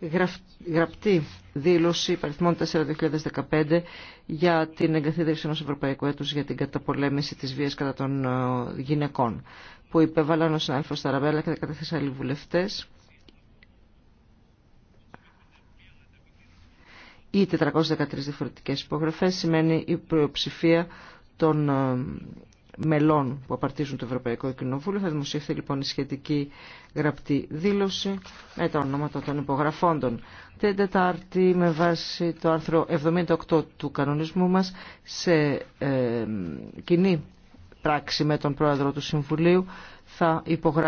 γραπτη Γραπτή δήλωση υπαριθμών 4-2015 για την εγκαθίδρυση ενός Ευρωπαϊκού έτους για την καταπολέμηση της βίας κατά των ε, γυναικών που υπέβαλαν ο συνάδελφος Ταραμπέλα και τα καταθέσα άλλοι βουλευτές. ή 413 διαφορετικές υπογραφές σημαίνει η προψηφία των ε, μελών που απαρτίζουν το Ευρωπαϊκό Κοινοβούλιο. Θα δημοσιευθεί λοιπόν η σχετική γραπτή δήλωση με τα ονόματα των υπογραφόντων. Την Τετάρτη με βάση το άρθρο 78 του κανονισμού μας σε ε, κοινή πράξη με τον Πρόεδρο του Συμβουλίου θα υπογράψει